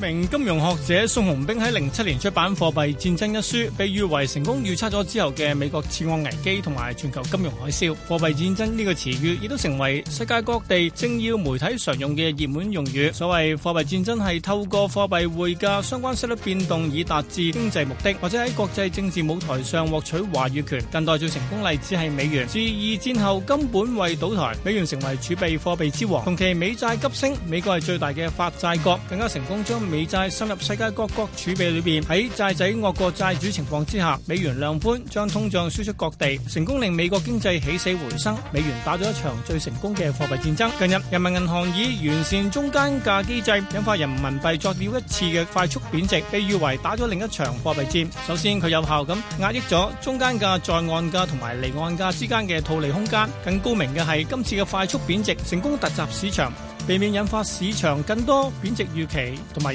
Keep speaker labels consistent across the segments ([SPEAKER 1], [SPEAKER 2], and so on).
[SPEAKER 1] 名金融學者宋鴻兵喺零七年出版《貨幣戰爭》一書，被譽為成功預測咗之後嘅美國次按危機同埋全球金融海嘯。貨幣戰爭呢個詞語亦都成為世界各地政要、媒體常用嘅熱門用語。所謂貨幣戰爭係透過貨幣匯價、相關息率變動以達至經濟目的，或者喺國際政治舞台上獲取話語權。近代最成功例子係美元，自二戰後金本位倒台，美元成為儲備貨幣之王，同期美債急升，美國係最大嘅發債國，更加成功將。美債滲入世界各國儲備裏邊，喺債仔惡過債主情況之下，美元量寬將通脹輸出各地，成功令美國經濟起死回生。美元打咗一場最成功嘅貨幣戰爭。近日，人民銀行以完善中間價機制，引發人民幣作了一次嘅快速貶值，被譽為打咗另一場貨幣戰。首先，佢有效咁壓抑咗中間價在岸價同埋離岸價之間嘅套利空間。更高明嘅係今次嘅快速貶值成功突襲市場，避免引發市場更多貶值預期同埋。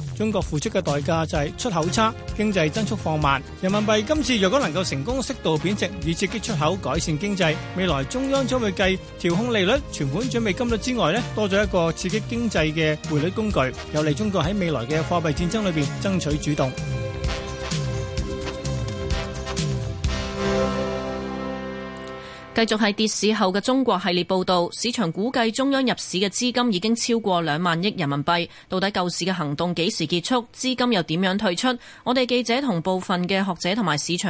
[SPEAKER 1] 中國付出嘅代價就係出口差、經濟增速放慢。人民幣今次若果能夠成功適度貶值，以刺激出口、改善經濟，未來中央將會繼調控利率、存款準備金率之外，咧多咗一個刺激經濟嘅匯率工具，有利中國喺未來嘅貨幣戰爭裏邊爭取主動。
[SPEAKER 2] 繼續係跌市後嘅中國系列報道，市場估計中央入市嘅資金已經超過兩萬億人民幣。到底救市嘅行動幾時結束？資金又點樣退出？我哋記者同部分嘅學者同埋市場。